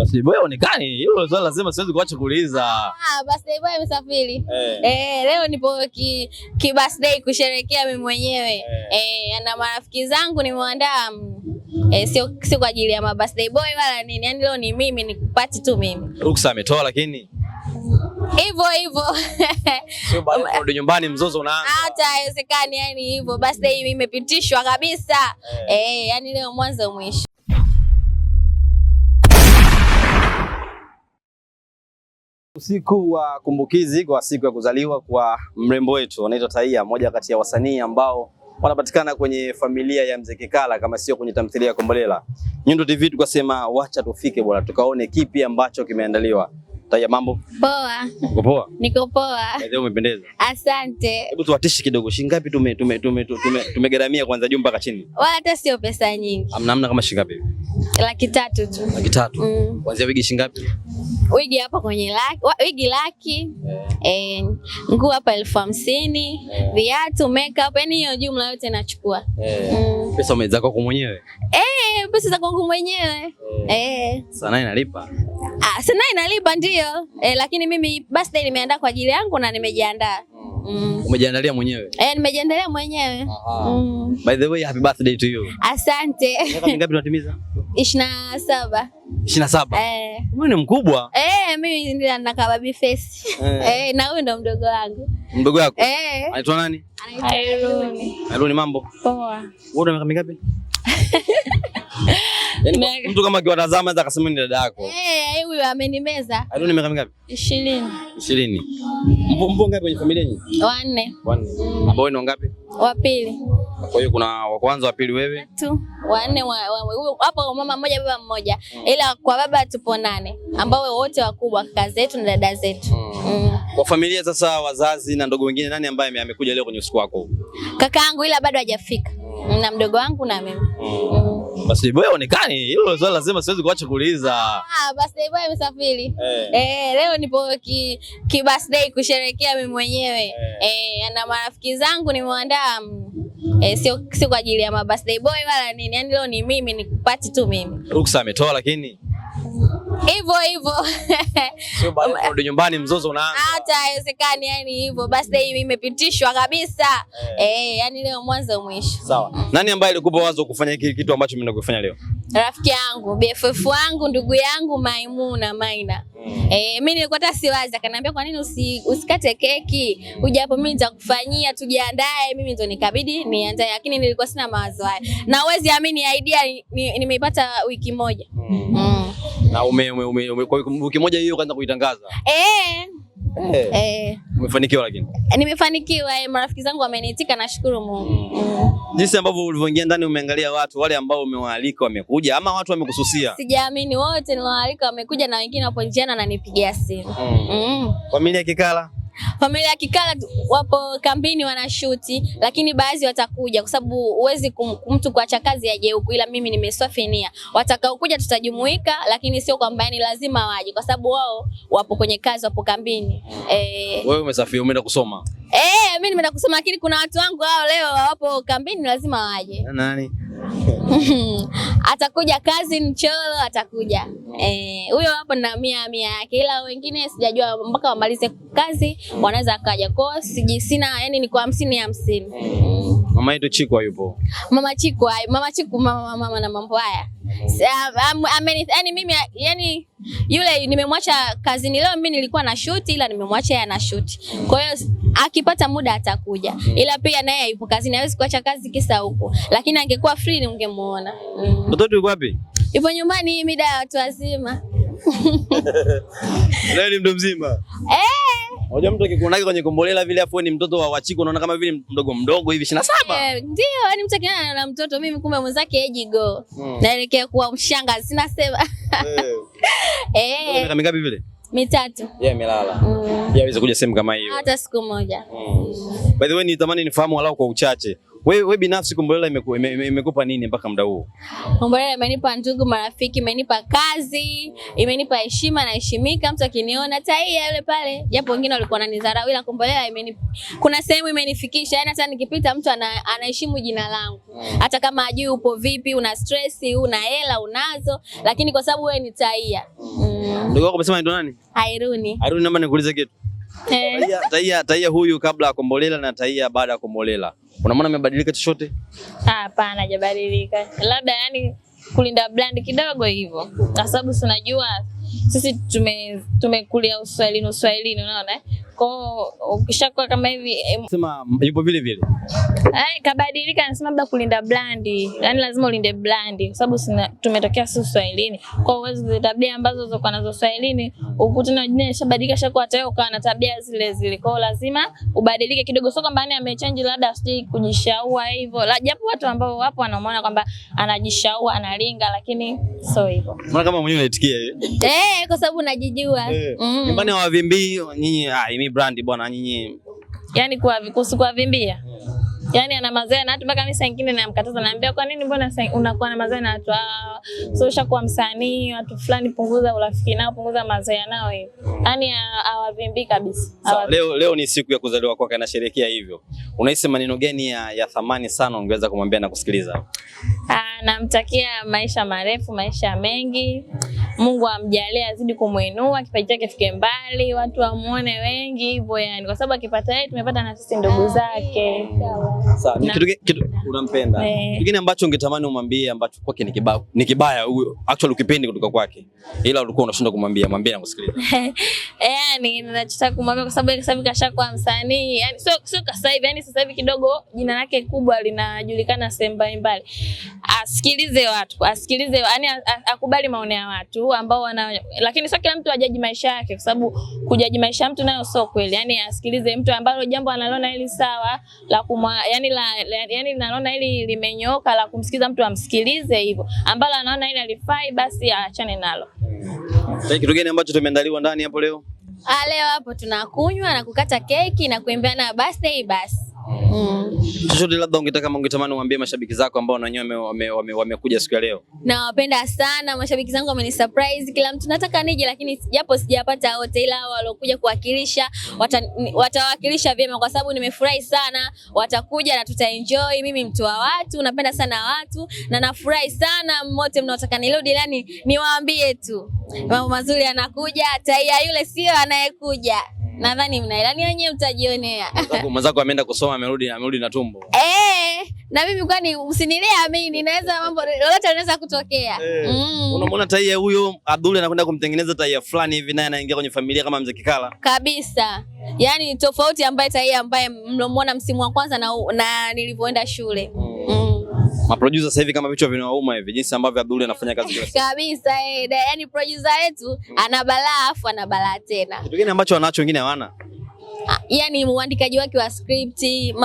Basi boy aonekane. Hilo swali lazima siwezi kuacha kuuliza. Ah, birthday boy amesafiri. Eh, eh leo nipo ki, ki birthday kusherehekea mimi mwenyewe. Eh, eh na marafiki zangu nimeandaa mm, Eh, sio sio kwa ajili ya birthday boy wala nini. Yaani leo ni mimi ni kupati tu mimi. Ruksa ametoa lakini hivyo hivyo. Sio baada ndo nyumbani mzozo unaanza. Hata haiwezekani yani hivyo. Birthday imepitishwa kabisa. Eh, eh yani leo mwanzo mwisho. Usiku wa kumbukizi kwa siku ya kuzaliwa kwa mrembo wetu anaitwa taia mmoja kati ya wasanii ambao wanapatikana kwenye familia ya Mzee Kikala, kama sio kwenye tamthilia ya Kombolela. Nyundo TV tukasema wacha tufike bwana, tukaone kipi ambacho kimeandaliwa. Taya, mambo poa? Uko poa? Niko poa. Leo umependeza. Asante. Hebu tuwatishe kidogo, shilingi ngapi tume tume tume tumegaramia kwanza juu mpaka chini? Wala hata sio pesa nyingi. Hamna hamna, kama shilingi ngapi? Laki tatu tu. Laki tatu. Mm. Kuanzia wigi shilingi ngapi? Wigi hapa kwenye laki, wigi laki. Eh. Eh, nguo hapa elfu hamsini yeah. viatu, makeup, yani hiyo jumla yote nachukua yeah. mm. pesa umeweza kwako mwenyewe eh, pesa za kwangu mwenyewe yeah. eh. eh. sana inalipa ah, sana inalipa ndio eh, lakini mimi birthday nimeandaa kwa ajili yangu na nimejiandaa Mm. Umejiandalia mwenyewe? Eh, nimejiandalia mwenyewe. Mm. By the way, happy birthday to you. Asante. Miaka mingapi unatimiza? 27. ishirini na saba. Huyu eh. ni mkubwa. Eh, mimi nakaa baby face. Eh. eh, na huyu ndo mdogo wangu. Mdogo wako? Eh. Anaitwa nani? Airuni. Airuni, mambo poa. Wewe una miaka mingapi? Yaani mtu kama akiwatazama anaweza akasema ni dada yako. Eh, eh huyu amenimeza. Airuni, miaka mingapi? 20. 20. Mpo ngapi kwenye familia yenu? Wanne. Wanne. Ambao ni wangapi? Wa pili. Kwa hiyo kuna wa kwanza, wa pili, wewe tu wanne, hapo mama mmoja baba mmoja, ila kwa baba tupo nane ambao wote wakubwa, kaka zetu na dada zetu mm. Kwa familia sasa, wazazi na ndugu wengine, nani ambaye amekuja leo kwenye usiku wako? Kakaangu, ila bado hajafika hmm. na mdogo wangu na mimi mm. Basi boy onekani, hilo swali lazima siwezi kuacha kuuliza. Ah, basi boy amesafiri. Eh, hey. Eh, hey, leo nipo ki, ki birthday kusherehekea mimi mwenyewe. Eh, hey. Eh, hey, na marafiki zangu nimeandaa mm, Eh, sio sio kwa ajili ya mabirthday boy wala nini, yani leo ni mimi nikupati tu mimi. Ruksa ametoa lakini hivyo hivyo, sio baada ya kurudi nyumbani mzozo unaanza, hata haiwezekani. Yani hivyo basi, hii imepitishwa kabisa eh, hey, eh, yani leo mwanzo mwisho. Sawa. Nani ambaye alikupa wazo kufanya hiki kitu ambacho mimi nakufanya leo? Rafiki yangu BFF wangu ndugu yangu Maimuna Maina. Mm. Eh, mimi nilikuwa hata siwazi, akaniambia kwa nini usi, usikate keki ujapo, mimi nitakufanyia tujiandae. Mimi ndo nikabidi niandae, lakini nilikuwa sina mawazo haya, na uwezi amini idea nimeipata ni, ni wiki moja. Mm. Mm. Na ume, ume, ume, ume, kwa wiki moja hiyo kaanza kuitangaza. Eh. Eh. Eh. Umefanikiwa lakini? Nimefanikiwa, eh, marafiki zangu wameniitika nashukuru Mungu. Mm. Jinsi ambavyo ulivyoingia ndani umeangalia watu wale ambao umewaalika wamekuja ama watu wamekususia? Sijaamini, wote niliowaalika wamekuja na wengine wapo njiani nipigia simu. Mm. Mm. Familia Kikala? Familia ya Kikala wapo kambini wanashuti, lakini baadhi watakuja kwa sababu huwezi mtu kuacha kazi aje huku, ila mimi nimeswafinia watakaokuja tutajumuika, lakini sio kwamba yani lazima waje, kwa sababu wao wapo kwenye kazi, wapo kambini. Eh, wewe umesafiri, umeenda kusoma? Eh, mimi nimeenda kusoma, lakini kuna watu wangu hao leo wapo kambini, lazima waje. Nani? atakuja kazi mcholo atakuja eh, huyo e, hapo na mia mia yake, ila wengine sijajua mpaka wamalize kazi wanaweza akaja kwao, siji sina yani, ni kwa hamsini hamsini. Mama yetu Chikwa yupo, mama Chikwa, mama Chikwa, mama, mama na mambo haya yaani mimi yule nimemwacha kazini leo, mimi nilikuwa na shuti, ila nimemwacha yeye ana shuti. Kwa hiyo akipata muda atakuja, mm. ila pia naye yupo kazini, hawezi kuacha kazi kisa huko, lakini angekuwa free ningemuona. Mm. Mtoto yuko wapi? Yupo nyumbani, hii mida ya watu wazima. Nani ni mtu mzima eh Unajua mtu akikuona kwenye kombolela vile afu ni mtoto wa Wachiko unaona kama vile mdogo mdogo hivi 27. Eh, ndio, yani mtu akiana na mtoto mimi kumbe mwenzake ejigo. Hmm. Naelekea kuwa mshanga sina sema. Eh. eh. Miaka mingapi vile? Mitatu. Yeah, imelala. Mm. Yeah, aweze kuja sehemu kama hiyo. Hata siku moja. Mm. By the way, nitamani nifahamu walau kwa uchache. Wewe we binafsi Kombolela imekupa ime, ime nini mpaka muda huu? Kombolela imenipa ndugu, marafiki, imenipa kazi, imenipa heshima, naheshimika. Mtu akiniona taia yule pale, japo wengine walikuwa wananidharau, ila Kombolela imeni, kuna sehemu imenifikisha, yaani hata nikipita mtu ana, anaheshimu jina langu, hata kama ajui upo vipi, una stress, una hela unazo, lakini kwa sababu wewe ni taia. Mm. Ndugu wako amesema ndo nani? Hairuni. Hairuni, naomba nikuulize kitu eh. Taia, taia, huyu kabla ya Kombolela na taia baada ya Kombolela, unamwona amebadilika chochote? Hapana, hajabadilika, labda yani kulinda brand kidogo hivyo, kwa sababu tunajua sisi tume tumekulia uswahilini uswahilini, unaona kwa ukishakuwa kama hivi sema yupo vile vile. Eh, kabadilika nasema labda kulinda blandi. Yaani lazima ulinde blandi kwa sababu tumetokea sisi Swahilini. Kwa hiyo wewe zile tabia ambazo zilikuwa nazo Swahilini, ukuta na jina ishabadilika shakuwa tayari ukawa na tabia zile zile. Kwa hiyo lazima ubadilike kidogo, sio kwamba yani amechange labda sijui kujishaua hivyo. La Japo watu ambao wapo wanaona kwamba anajishaua analinga, lakini sio hivyo. Mbona kama mwenyewe unaitikia hiyo? Eh, kwa sababu najijua. Eh. wa mm. Nyumbani nyinyi, ah brandi bwana nyinyi. Yaani kwa vikusu kwa vimbia. Yaani ana mazoea na hata mpaka mimi saa nyingine namkataza naambia kwa nini mbona unakuwa na mazoea na watu hao? So ushakuwa msanii, watu fulani punguza urafiki nao, punguza mazoea nao hivi. Yaani hawavimbii kabisa. So, leo leo ni siku ya kuzaliwa kwake na sherehekea hivyo. Unahisi maneno gani ya, ya thamani sana ungeweza kumwambia na kusikiliza? Ah, namtakia maisha marefu, maisha mengi. Mungu amjalie azidi kumwinua kipaji chake mbali, watu wamuone wengi hivyo, yani kwa sababu akipata yeye tumepata na sisi ndugu zake. Sawa, kitu unampenda eh. kingine ambacho ungetamani umwambie ambacho kwake ni kibaya, ni kibaya huyo actually ukipendi kutoka kwake, ila ulikuwa unashindwa kumwambia, mwambie na kusikiliza. Yani ninachotaka kumwambia kwa sababu sasa hivi kashakuwa msanii, yani sio sio sasa hivi, yani sasa hivi kidogo jina lake kubwa linajulikana sehemu mbalimbali, asikilize watu, asikilize yani akubali maoni ya watu huu ambao wana, lakini sio kila mtu ajaji maisha yake, kwa sababu kujaji maisha mtu nayo sio kweli. Yani asikilize mtu ambalo jambo analona hili sawa la kumwa, yani la, la yani naona hili limenyoka la kumsikiza mtu amsikilize, hivyo ambalo anaona hili alifai, basi aachane nalo. Kitu gani ambacho tumeandaliwa ndani hapo leo? Ah, leo hapo tunakunywa na kukata keki na kuimbiana birthday basi Chochote mm. labda ungetaka kama ungetamani uambie mashabiki zako ambao nanyewe wamekuja wame, wame siku ya leo. Nawapenda sana mashabiki zangu, surprise kila mtu, nataka nije, lakini japo sijapata wote, ila waliokuja kuwakilisha watawakilisha wata vyema, kwa sababu nimefurahi sana, watakuja na tutaenjoy. Mimi mtu wa watu, napenda sana watu na nafurahi sana mote mnaotaka nirudi, yani niwaambie tu mambo mazuri yanakuja, tai ya yule sio anayekuja. Mm. Nadhani mnaelewa, ni wenyewe mtajionea. Mwenzako ameenda kusoma, amerudi amerudi na tumbo eh, na mimi kwani usinilea mimi, naweza mambo lolote linaweza kutokea. Eh. Mm. Unamwona taia huyo Abdul anakwenda kumtengeneza taia fulani hivi, naye anaingia kwenye familia kama mzee Kikala kabisa, yaani tofauti ambaye taia ambaye mlomwona msimu wa kwanza na, na nilivyoenda shule Maproducer sasa hivi kama vichwa vinauma hivi jinsi ambavyo Abdul anafanya kazi Kabisa eh, eh, yani producer wetu mm. ana balaa afu ana balaa tena. Kitu gani ambacho anacho wengine hawana? Ah, yani uandikaji wake wa script,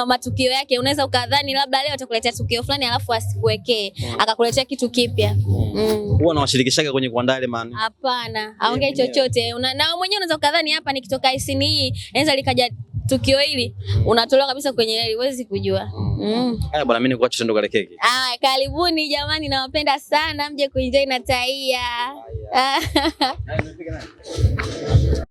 matukio yake unaweza ukadhani labda leo atakuletea tukio fulani alafu asikuwekee, mm. akakuletea kitu kipya. Mm. mm. Huwa anawashirikishaga kwenye kuandaa ile maana. Hapana, eh, aongee chochote. Na mwenyewe unaweza ukadhani hapa nikitoka isini hii, e, naweza likaja tukio hili mm. unatolewa kabisa kwenye hili, huwezi kujua. Mm. mm. bwana, mimi niko acha ndo kale keki. Ah, karibuni jamani, nawapenda sana, mje kuenjoy na Taia.